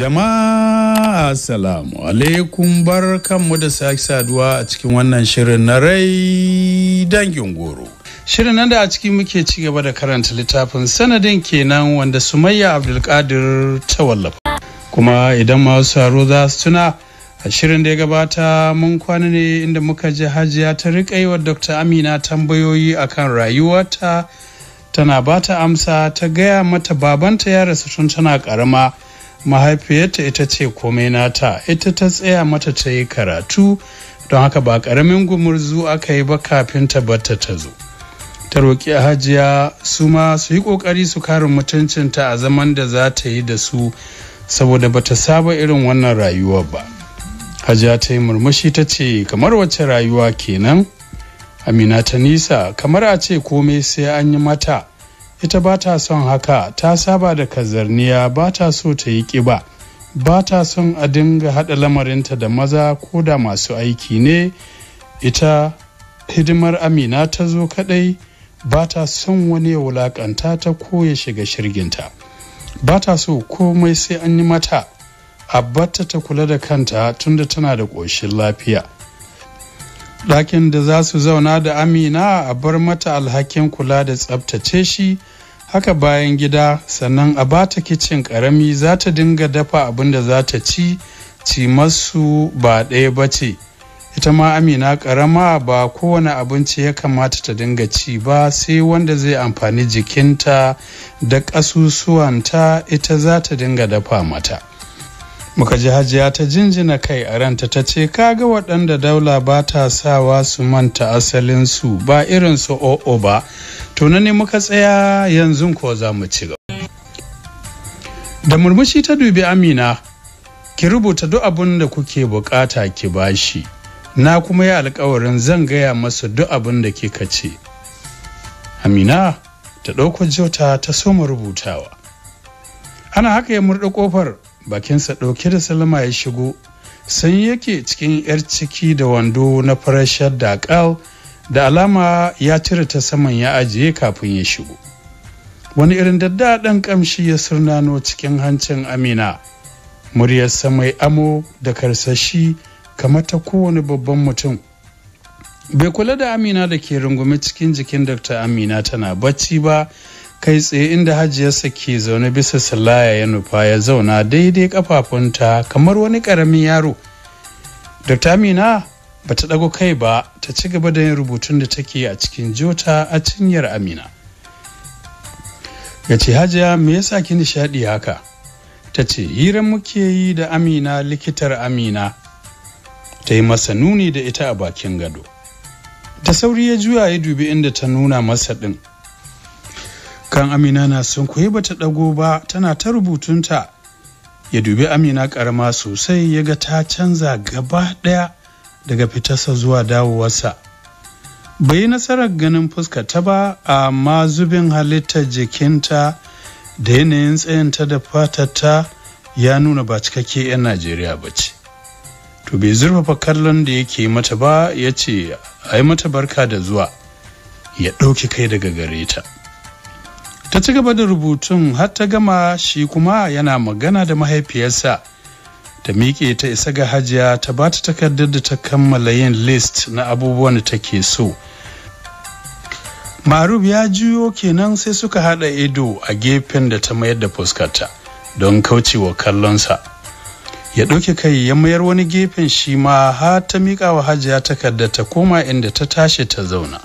Jama'a Assalamu alaikum bar kanmu da sake saduwa a cikin wannan shirin na rai dangin goro. Shirin nan da a ciki muke ci gaba da karanta littafin sanadin kenan wanda Sumayya Abdulkadir ta wallafa. Kuma idan masu saro za su tuna a shirin da ya gabata mun kwana ne inda muka ji hajiya ta riƙa wa Dr. Amina tambayoyi akan rayuwarta tana bata amsa ta gaya mata babanta ya rasu tun tana ƙarama. mahaifiyarta ita ce komai nata ita ta tsaya mata ta yi karatu don haka ba ƙaramin gumurzu aka yi ba kafin ta bata ta zo ta roƙi hajiya su ma su yi ƙoƙari su kare mutuncinta a zaman da za ta yi da su saboda ba ta saba irin wannan rayuwa ba hajiya ta yi murmushi ta ce kamar wacce rayuwa kenan amina ta nisa kamar a ce komai sai an yi mata ita ba ta son haka ta saba da kazarniya ba ta so ta yi ƙiba ba ta son a dinga haɗa lamarinta da maza ko da masu aiki ne ita hidimar amina ta zo kaɗai ba ta son wani ya wulaƙanta ta ko ya shiga shirginta ba ta so komai sai an yi mata abbata ta kula da kanta tunda tana da ƙoshin lafiya ɗakin da za su zauna da amina a bar mata alhakin kula da tsabtace shi haka bayan gida sannan a bata kicin karami za ta dinga dafa abin da za ta ci ci masu ba ɗaya ba ce ita ma amina karama ba kowane abinci ya kamata ta dinga ci ba sai wanda zai amfani jikinta da ƙasusuwanta ita za ta dinga dafa mata muka ji hajiya ta jinjina kai a ranta ta ce kaga waɗanda daula ba ta sawa su manta asalin su ba irin su o'o ba tunani ne muka tsaya yanzu ko za mu ci gaba da murmushi ta dubi amina ki rubuta duk abin da kuke bukata ki bashi na kuma yi alkawarin zan gaya masa duk abin da kika ce amina ta ɗauko jota ta soma rubutawa ana haka ya murɗa ƙofar bakinsa ɗauke da salama ya shigo san yake cikin 'yar ciki da wando na farashar da da alama ya cire ta saman ya ajiye kafin ya shigo wani irin daddaɗan ƙamshi ya surnano cikin hancin amina muryarsa mai amo da karsashi kamar ta kowane babban mutum bai kula da amina da ke rungume cikin jikin dr amina tana bacci ba kai tsaye inda hajiyarsa ke zaune bisa Salaya ya nufa ya zauna daidai kafafunta kamar wani karamin yaro da amina ba ta ɗago kai ba ta ci gaba da yin rubutun da take a cikin jota a cinyar amina ya ce hajiya me yasa ki nishaɗi haka ta ce hiran muke yi da amina likitar amina ta yi masa nuni da ita a bakin gado Ta sauri ya juya ya dubi inda ta nuna masa ɗin kan amina na sun kuyi bata ɗago ba tana ta rubutunta ya dubi amina karama sosai ya ga ta canza gaba ɗaya daga fitarsa zuwa dawowarsa bai nasarar ganin fuska ta ba amma zubin halittar jikinta da yanayin tsayanta da fatata ya nuna ba cikakke 'yan najeriya ba ce to bai zurfafa kallon da yake mata ba ya ce a yi mata barka da zuwa ya ɗauki kai daga gare ta ta ci gaba da rubutun har ta gama shi kuma yana magana da mahaifiyarsa ta miƙe ta isa ga hajiya ta ba ta takardar da ta kammala yin list na abubuwan da take so marub ya juyo kenan sai suka haɗa ido a gefen da ta mayar da fuskarta don kaucewa kallonsa ya ɗauke kai ya mayar wani gefen shi ma har ta miƙa wa hajiya takarda ta koma inda ta tashi ta zauna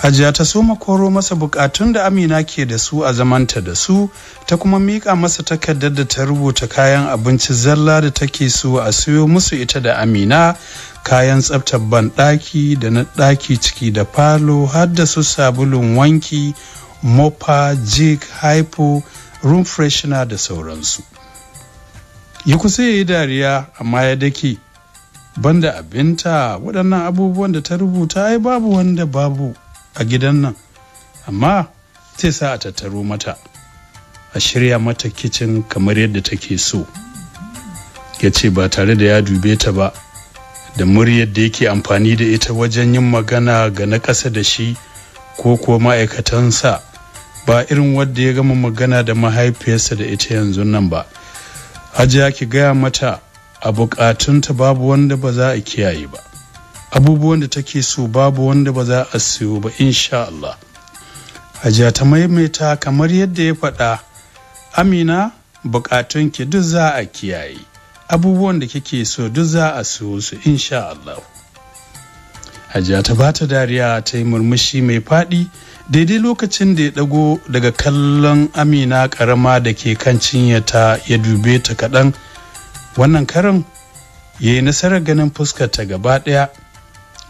Hajiya ta so makoro masa bukatun da Amina ke da su a zamanta da su ta kuma mika masa takardar da ta rubuta kayan abinci zalla da take so a siyo musu ita da Amina kayan tsaftar ban ɗaki da na ɗaki ciki da falo har da su sabulun wanki mopa jig hypo room freshener da sauransu ya kusa ya yi dariya amma ya dake banda abinta waɗannan abubuwan da ta rubuta ai babu wanda babu a gidan nan amma sai sa a tattaro mata a shirya mata kicin kamar yadda take so ya ce ba tare da ya dube ta ba da muryar da yake amfani da ita wajen yin magana ga na ƙasa da shi ko kuwa ma'aikatansa ba irin wadda ya gama magana da mahaifiyarsa da ita yanzu nan ba hajiya ki gaya mata a bukatunta babu wanda ba za a kiyaye ba abubuwan da take so babu wanda ba za a siyo ba insha Allah hajiya ta maimaita kamar yadda ya faɗa amina bukatunki duk za a kiyaye abubuwan da kike so duk za a siyo su insha Allah hajiya ta bata dariya ta yi murmushi mai faɗi daidai lokacin da ya ɗago daga kallon amina ƙarama da ke kan ta ya dube ta kaɗan wannan karin ya yi nasarar ganin fuskar ta gaba ɗaya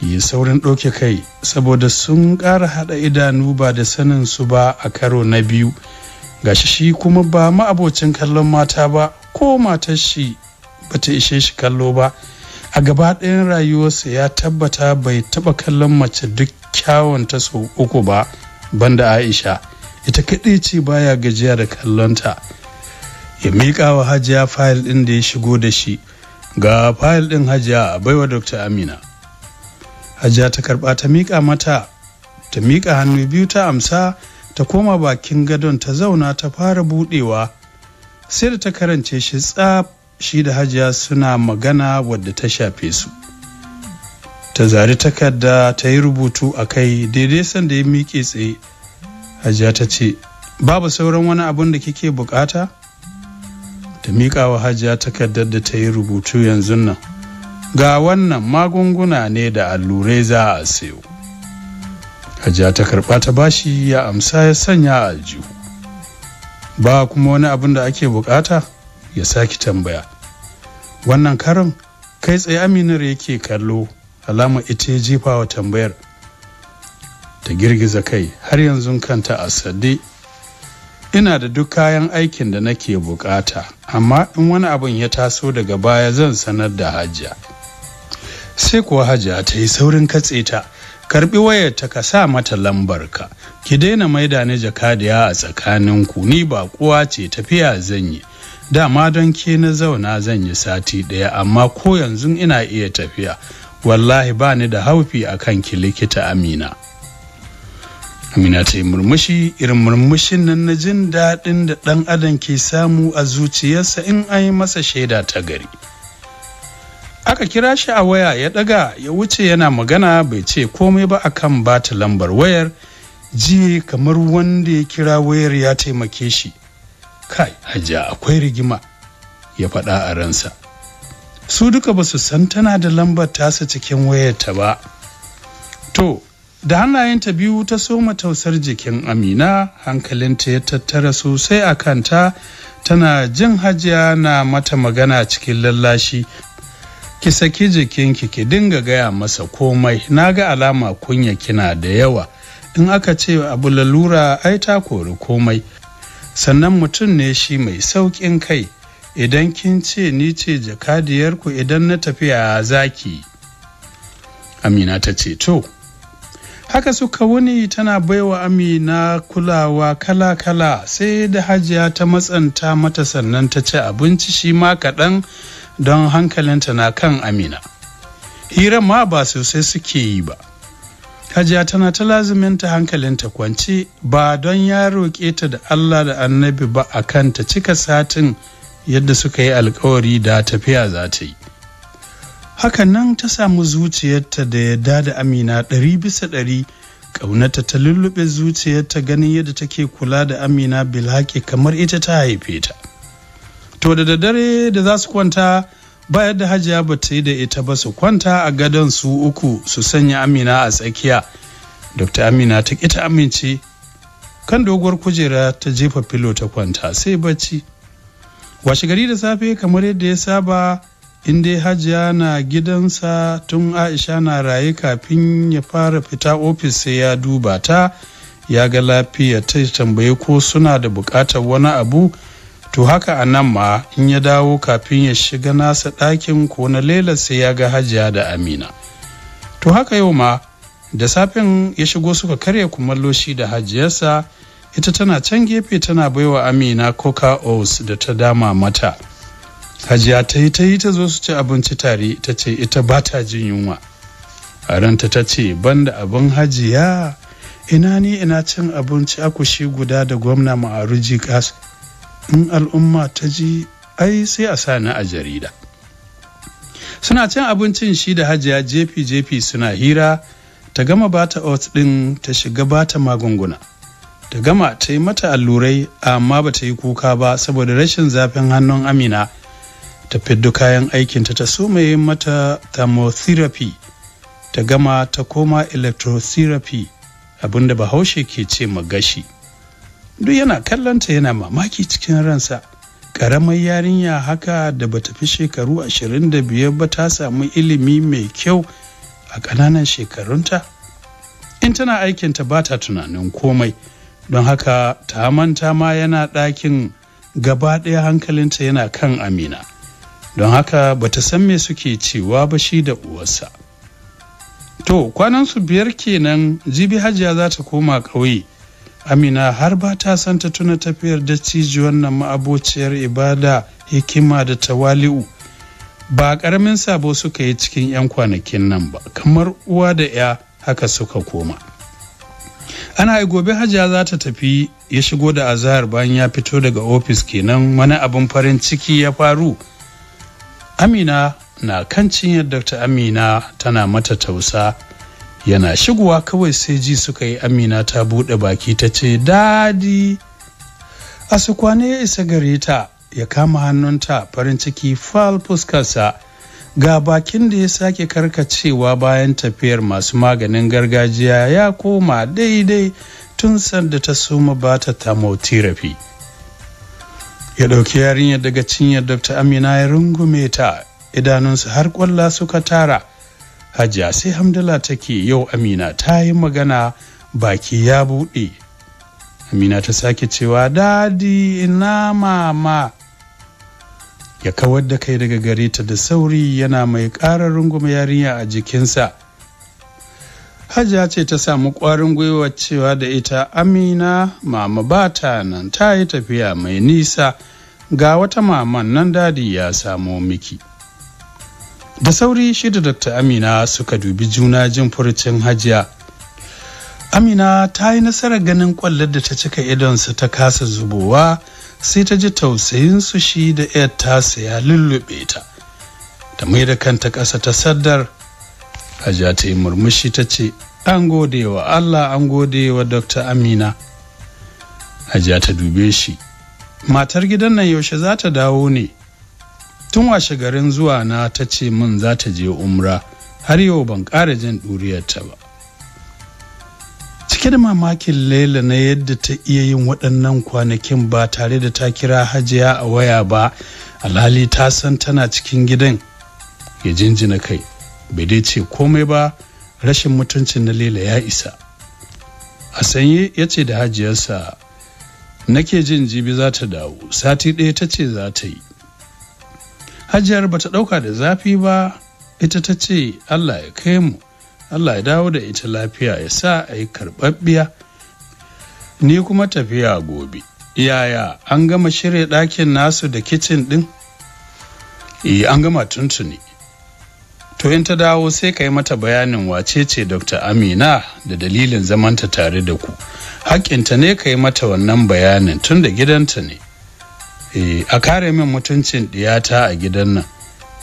yi saurin ɗauke kai saboda sun ƙara haɗa idanu ba da sanin su ba a karo na biyu gashi shi kuma ba ma'abocin kallon mata ba ko matar shi bata ishe shi kallo ba a gaba ɗayan rayuwarsa ya tabbata bai taɓa kallon mace duk kyawun ta sau uku ba banda aisha ita kaɗai ce baya gajiya da kallonta ya miƙa wa hajiya fayil ɗin da ya shigo da shi ga fayil ɗin hajiya baiwa dr amina hajiya ta karba ta miƙa mata ta miƙa hannu biyu ta amsa ta koma bakin gadon ta zauna ta fara buɗewa sai da ta karance shi tsab shi da hajiya suna magana wadda ta shafe su ta zari takarda ta yi rubutu a kai daidai sanda ya miƙe tsaye hajiya ta ce babu sauran wani abun da kike bukata ta miƙawa wa hajiya takardar da ta yi rubutu yanzu nan ga wannan magunguna ne da allurai za a sayo hajiya ta karɓa ta bashi ya amsa ya sanya aljihu ba kuma wani abin da ake bukata ya saki tambaya wannan karin kai tsaye aminar yake kallo alama ita ya jefa wa tambayar ta girgiza kai har yanzu kanta a sade ina da duk kayan aikin da nake bukata amma in wani abin ya taso daga baya zan sanar da hajiya sai kuwa hajiya ta yi saurin katse ta karbi wayar ta ka sa mata lambar ka ki daina maida ni jakadiya a tsakanin ku ni ba kuwa ce tafiya zan yi dama don ke na zauna zan yi sati ɗaya amma ko yanzu ina iya tafiya wallahi ba ni da haufi a kan ki likita amina amina ta yi murmushi irin murmushin nan na jin daɗin da ɗan adam ke samu a zuciyarsa in an yi masa shaida ta gari aka kira shi a waya ya daga ya wuce yana magana bai ce komai ba akan bata lambar wayar ji kamar wanda ya kira wayar ya taimake shi kai hajja akwai rigima ya faɗa a ransa su duka ba su san tana da lambar tasa cikin wayarta ba to da hannayenta biyu ta soma tausar jikin amina hankalinta ya tattara sosai a kanta tana jin hajiya na mata magana cikin lallashi ki saki jikinki ki dinga gaya masa komai na ga alama kunya kina da yawa in aka ce abu lalura ai ta kori komai sannan mutum ne shi mai sauƙin kai idan kin ce ni ce jakadiyarku idan na tafiya zaki amina ta ce to haka suka wuni tana baiwa amina kulawa kala-kala sai da hajiya ta matsanta mata sannan ta ci abinci shi ma kaɗan don hankalinta na kan amina hira ma ba sosai suke yi ba hajiya tana ta lazuminta hankalinta kwance ba don ya roƙe ta da allah da annabi ba a kan ta cika satin yadda suka yi alkawari da tafiya za ta yi hakan nan ta samu zuciyarta da yadda da amina ɗari bisa ɗari ƙaunata ta lullube zuciyarta ganin yadda take kula da amina bilhaki kamar ita ta haife ta to da daddare da za su kwanta bayar da hajiya ba ta yi da ita ba su kwanta a gadon su uku su sanya amina a tsakiya dr amina ta ta amince kan doguwar kujera ta jefa filo ta kwanta sai bacci washe gari da safe kamar yadda ya saba in dai hajiya na gidansa tun aisha na raye kafin ya fara fita ofis sai ya duba ta ya ga lafiya ta tambaye ko suna da bukatar wani abu to haka a nan ma in ya dawo kafin ya shiga nasa ɗakin ko na lela sai ya ga hajiya da amina to haka yau ma da safen ya shigo suka karya kumallo shi da hajiyarsa ita tana can gefe tana baiwa amina coca oats da ta dama mata hajiya ta yi ta yi ta zo su ci abinci tare ta ce ita ba ta jin yunwa a ranta ta ce banda abin hajiya ina ni ina cin abinci akushi guda da gwamna ma'aruji kasu in al'umma ta ji ai sai a sani a jarida suna cin abincin shi da hajiya jefi-jefi suna hira ta gama bata oats din ta shiga bata magunguna ta gama ta yi mata allurai amma ba ta yi kuka ba saboda rashin zafin hannun amina ta fiddu kayan aikinta ta sumaye mata thermotherapy ta gama ta koma electrotherapy abinda bahaushe ke ce magashi gashi duk yana kallonta yana mamaki cikin ransa karamar yarinya haka da ba fi shekaru 25 ba ta samu ilimi mai kyau a ƙananan shekarunta in tana aikinta ba ta tunanin komai don haka ta manta ma yana ɗakin gaba ɗaya hankalinta yana kan amina don haka ba ta san me suke cewa ba shi da uwarsa to kwanansu biyar kenan jibi hajiya za ta koma ƙauye amina har ba ta san ta tuna tafiyar da ciji wannan ma'abociyar ibada hikima da tawali'u ba ƙaramin sabo suka yi cikin 'yan kwanakin nan ba kamar uwa da 'ya haka suka koma ana yi gobe hajiya za ta tafi ya shigo da azahar bayan ya fito daga ofis kenan wani abin farin ciki ya faru amina na kan cinyar dr amina tana mata tausa yana shigowa kawai sai ji suka yi amina ta buɗe baki ta ce dadi a su kwane ya isa gare ta ya kama hannunta farin ciki fal fuskarsa ga bakin da ya sake karkacewa bayan tafiyar masu maganin gargajiya ya koma daidai tun sanda ta suma ba ta tamotirafi ya ɗauki yarinyar daga cinyar dr amina ya rungume ta idanunsa har ƙwalla suka tara hajiya sai hamdala take yau amina ta yi magana baki ya buɗe amina ta sake cewa dadi ina mama ya kawar da kai daga gare ta da sauri yana mai ƙarar rungume yarinya a jikinsa hajiya ce ta samu ƙwarin gwiwa cewa da ita amina mama ba ta nan ta yi tafiya mai nisa ga wata maman nan dadi ya samo miki da sauri shi da dr amina suka dubi juna jin furucin hajiya amina ta yi nasarar ganin kwallar da ta cika su ta kasa zubowa sai ta ji tausayinsu shi da yar ta saya lullube ta ta mai da kanta ƙasa ta saddar hajiya ta yi murmushi ta ce an gode wa allah an gode wa dr amina hajiya ta dube shi matar gidan nan yaushe za ta dawo ne tun washe garin zuwa na ta ce min za ta je umra har yau ban ƙara jin ɗuriyarta ba cike da mamakin laila na yadda ta iya yin waɗannan kwanakin ba tare da ta kira hajiya a waya ba alhali ta san tana cikin gidan ya jinjina kai bai dai ce komai ba rashin mutuncin na laila ya isa a sanye ya ce da hajiyarsa nake jin jibi za ta dawo sati ɗaya ta ce za ta yi hajiyar ba ta ɗauka da zafi ba ita ta ce allah ya kai mu allah ya dawo da ita lafiya ya sa a yi karɓaɓɓiya ni kuma tafiya gobe yaya an gama shirya ɗakin nasu da kicin ɗin e, an gama tuntuni to in ta dawo sai ka yi mata bayanin wace ce dr amina da dalilin zamanta tare da ku haƙƙinta ne ka yi mata wannan bayanin tun da gidanta ne Eh, a kare min mutuncin diyata a gidan nan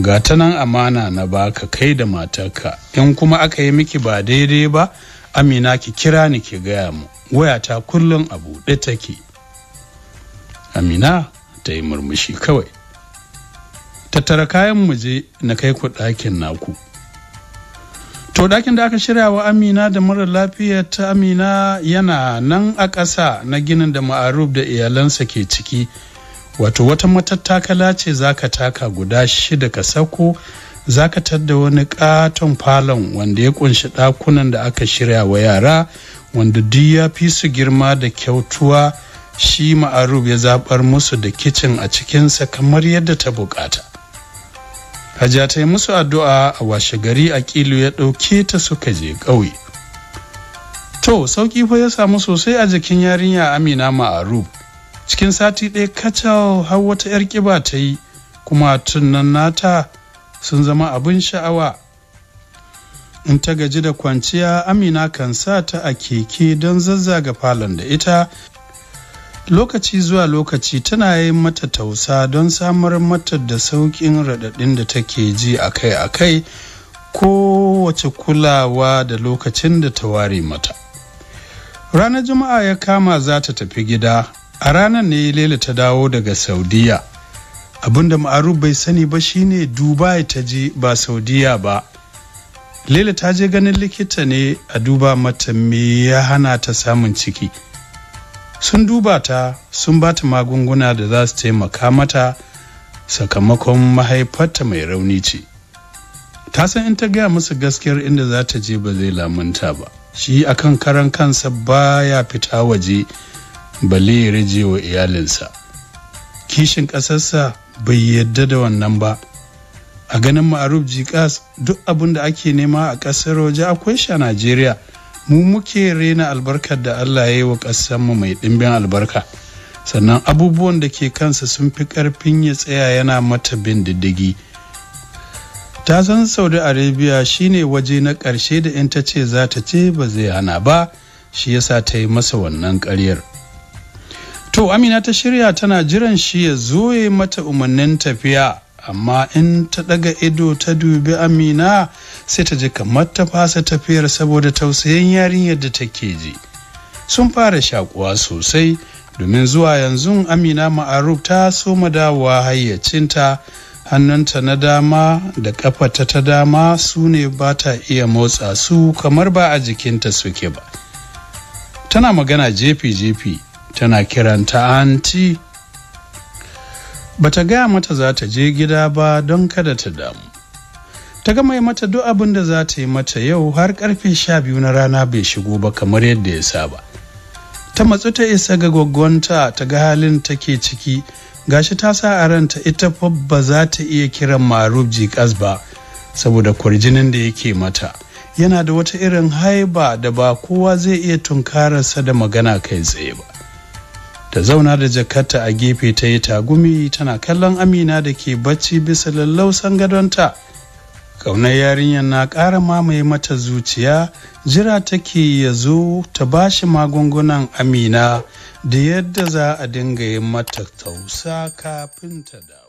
ga ta nan amana na baka kai da matarka in kuma aka yi miki ba daidai ba amina ki kira ni ki gaya mu wayata kullum a buɗe take amina ta yi murmushi kawai tattara kayan muje na kai ku ɗakin naku to ɗakin da aka shirya wa amina da mara lafiya ta amina yana nan a ƙasa na ginin da ma'aruf da iyalansa ke ciki wato wata matattakala ce zaka taka guda shida ka sako zaka tadda wani katon falon wanda ya kunshi ɗakunan da aka shirya wa yara wanda duk ya fi su girma da kyautuwa shi ma'arub ya zabar musu da kicin a cikinsa kamar yadda ta bukata hajiya ta yi musu addu'a a washe gari a kilu ya ɗauke ta suka je ƙauye to sauƙi fa ya samu sosai a jikin yarinya amina ma'arub cikin sati ɗaya kacal har wata 'yar ƙiba ta yi kuma tunan nata sun zama abin sha'awa in ta gaji da kwanciya amina kan sa ta a keke don zazzaga falon da ita lokaci zuwa lokaci tana yi mata tausa don samar mata da sauƙin raɗaɗin da take ji akai-akai kowace kulawa da lokacin da ta ware mata ranar juma'a ya kama za ta tafi gida a ranar ne lela ta dawo daga saudiya abinda ma'aruf bai sani ba shine dubai ta je ba saudiya ba lela ta je ganin likita ne a duba mata me ya hana ta samun ciki sun duba ta sun ba ta magunguna da za su taimaka mata sakamakon mahaifarta mai rauni ce ta san in ta gaya musu gaskiyar inda za ta je ba zai lamunta ba shi akan karan kansa baya fita waje balle ya rage wa iyalinsa kishin ƙasarsa bai yadda da wannan ba a ganin ma'arub jikas duk abin da ake nema a ƙasar waje akwai shi a najeriya mu muke rena albarkar da allah ya yi wa ƙasarmu mai ɗimbin albarka sannan abubuwan da ke kansa sun fi ƙarfin ya tsaya yana mata bin diddigi ta san saudi arabia shine waje na ƙarshe da in ta ce za ta ce ba zai hana ba shi yasa ta yi masa wannan ƙaryar to amina ta shirya tana jiran shi ya zo ya mata umarnin tafiya amma in ta ɗaga ido ta dubi amina sai ta ji kamar ta fasa tafiyar saboda tausayin yarinyar da take ji sun fara shakuwa sosai domin zuwa yanzu amina ma'aruf ta soma dawowa hayyacinta hannunta na dama da kafata ta dama su ne ba ta iya motsa su kamar ba a jikinta suke ba tana magana jefi-jefi tana kiranta anti bata gaya mata za ta je gida ba don kada ta damu ta gama mata duk abin da za ta yi mata yau har karfe sha biyu na rana bai shigo ba kamar yadda ya saba ta matsu ta isa ga gwaggwanta ta ga halin take ciki gashi ta sa a ranta ita fa ba za ta iya kiran maruf jikas ba saboda kwarjinin da yake mata yana da wata irin haiba da ba kowa zai iya tunkararsa da magana kai tsaye ba da zauna da jakarta a gefe ta yi tagumi tana kallon amina da ke bacci bisa lallausan gadonta ƙaunar yarinyar na ƙara mamaye mata zuciya jira take ya zo ta ba shi magungunan amina da yadda za a dinga yin mata tausa kafin ta da